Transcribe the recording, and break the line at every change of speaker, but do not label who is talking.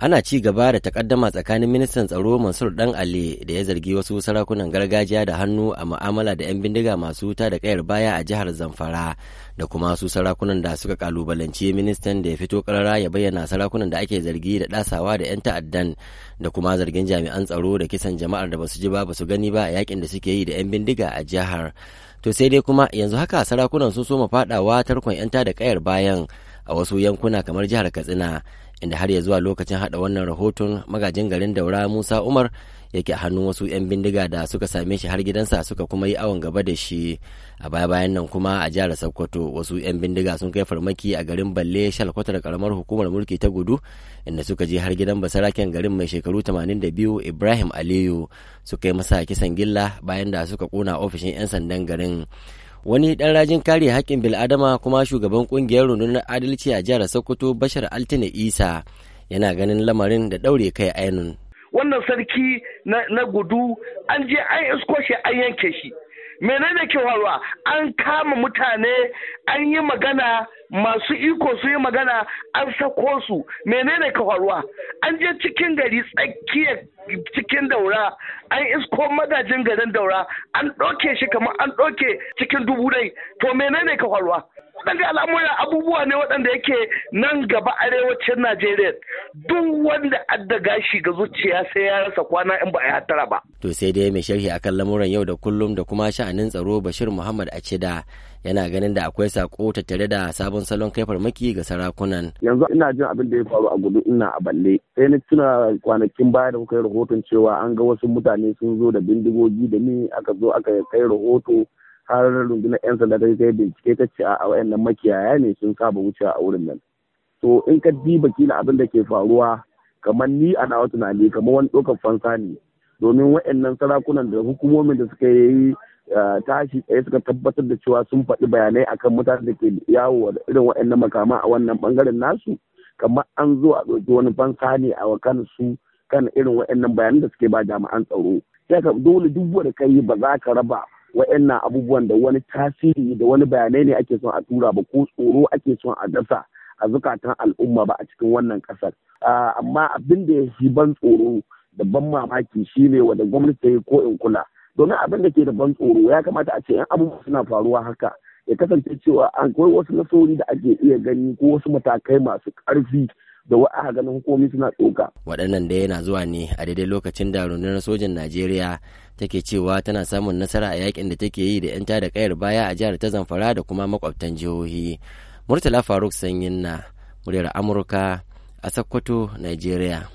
ana ci gaba da takaddama tsakanin ministan tsaro mansur dan ali da ya zargi wasu sarakunan gargajiya da hannu a mu'amala da 'yan bindiga masu ta da kayar baya a jihar zamfara da kuma su sarakunan da suka kalubalanci ministan da ya fito karara ya bayyana sarakunan da ake zargi da dasawa da 'yan ta'addan da kuma zargin jami'an tsaro da kisan jama'ar da basu ji ba basu gani ba a yakin da suke yi da 'yan bindiga a jihar to sai dai kuma yanzu haka sarakunan sun soma fadawa tarkon 'yan ta da kayar bayan a wasu yankuna kamar jihar katsina inda har ya zuwa lokacin hada wannan rahoton magajin garin daura musa umar yake a hannun wasu 'yan bindiga da suka same shi har gidansa suka kuma yi awon gaba da shi a baya bayan nan kuma a jihar sokoto wasu 'yan bindiga sun kai farmaki a garin balle shalkwatar karamar hukumar mulki ta gudu inda suka je har gidan basaraken garin mai shekaru 82 ibrahim aliyu suka yi masa kisan gilla bayan da suka kona ofishin 'yan sandan garin wani ɗan rajin kare haƙƙin bil'adama kuma shugaban ƙungiyar rundunar adalci a jihar sokoto bashar altina isa yana ganin lamarin da ɗaure kai ainun
wannan sarki na gudu an je an isko an yanke shi menene ke faruwa an kama mutane an yi magana masu iko su yi magana an sako su menene ke faruwa an je cikin gari tsakiyar cikin daura an isko magajin garin daura an ɗauke shi kamar an ɗauke cikin dubu dai to menene ke faruwa waɗanda al'amura abubuwa ne waɗanda yake nan gaba arewacin najeriya duk wanda adda gashi ga zuciya sai ya rasa kwana in ba a hatara ba.
To sai dai mai sharhi akan lamuran yau da kullum da kuma sha'anin tsaro Bashir Muhammad a cida, yana ganin da akwai sako tattare da sabon salon kai farmaki ga sarakunan.
Yanzu ina jin abin da ya faru a gudu ina a balle. Sai na tuna kwanakin baya da kuka yi rahoton cewa an ga wasu mutane sun zo da bindigogi da ni aka zo aka kai rahoto har rundunar 'yan sanda ta yi bincike ta ce a wayannan makiyaya ne sun saba wucewa a wurin nan. to in ka diba kila abin da ke faruwa kamar ni a nawa tunani kamar wani ɗaukar fansa ne domin waɗannan sarakunan da hukumomin da suka yi eh, tashi tsaye suka tabbatar da cewa sun faɗi bayanai akan mutane da ke yawo da irin waɗannan makama a wannan bangaren nasu kamar an zo a ɗauki wani fansa ne a kan su kan irin waɗannan bayanan da suke ba jami'an tsaro sai ka dole duk wanda ka yi ba za ka raba waɗannan abubuwan da wani tasiri da wani bayanai ne ake son a tura ba ko tsoro ake son a dasa a zukatan al'umma ba a cikin wannan ƙasar. Amma abin da ya fi ban tsoro da ban mamaki shi ne wanda gwamnati ta yi ko in kula. Domin abin da ke da ban tsoro ya kamata a ce 'yan abubuwa suna faruwa haka. ya kasance cewa akwai wasu nasori da ake iya gani ko wasu matakai masu ƙarfi da wa'a ganin hukumomi suna tsoka.
Waɗannan da yana zuwa ne a daidai lokacin da rundunar sojan Najeriya take cewa tana samun nasara a yakin da take yi da 'yan tada kayar baya a jihar ta Zamfara da kuma makwabtan jihohi. murtala faruk sanyin na muryar amurka a sokoto nigeria